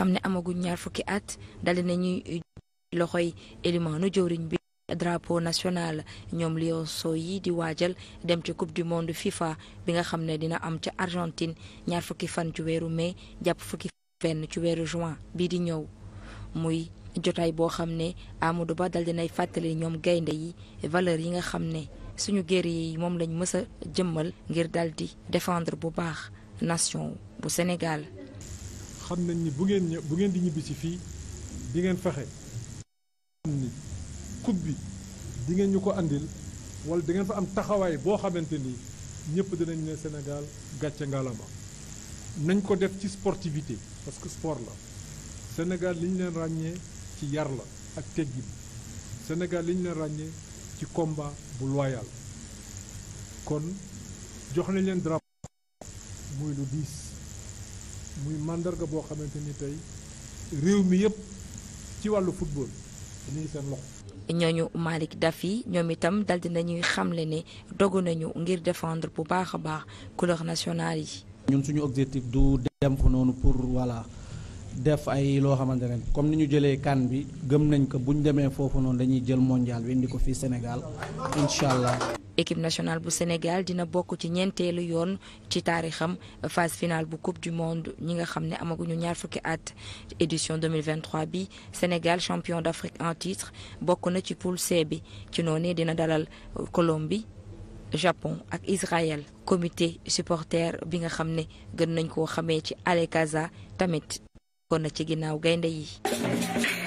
xam ne amaguñ ñaar fukki at dali nañuy loxoy élimaanu jëwriñ bi drapeau national ñoom lionceaux yi di waajal dem ci coupe du monde FIFA bi nga xam ne dina am ca Argentine ñaar fukki fan ci weeru mai jàpp fukki fenn ci weeru juin bii di ñëw muy jotaay boo xam ne Amadou Ba dal dinay fàttali ñoom gaynde yi valeur yi nga xam ne suñu gér yi moom lañ mës a jëmmal ngir dal di bu baax nation bu Sénégal xam nañ ni bu ngeen ñë bu ngeen di ñibbi fii di ngeen fexe xam bi di ñu ko andil wala di ngeen fa am taxawaay boo xamante ni ñëpp dinañ ne Sénégal gàcce ngaalama nañ ko def ci sportivité parce que sport la Sénégal liñ leen ràññee ci yar la ak teggin Sénégal li leen ràññee ci combat bu loyal kon jox nañ leen drapeau muy lu diis muy màndarga boo xamante ni tey réew mi yëpp ci wàllu football dañuy seen loxo. ñooñu Malick Daffy ñoom itam dal di nañuy xamle ne dogu nañu ngir defendre bu baax a baax couleur nationale yi. ñun suñu objectif du dem ko noonu pour voilà def ay loo xamante ne comme ni ñu jëlee kan bi gëm nañ ko bu ñu demee foofu noonu dañuy jël mondial bi ko fii Sénégal incha allah. équipe nationale bu Sénégal dina bokk ci ñeenteelu yoon ci taarixam phase finale bu coupe du monde ñi nga xam ne amaguñu ñaar fukki at édition 2023 bi Sénégal champion d'Afrique en titre bokk na ci poule bi ci noonu dina dalal Colombie Japon ak Israël comité supporter bi nga xam ne gën nañ koo xamee ci Alekaza tamit kon na ci ginnaaw gaynde yi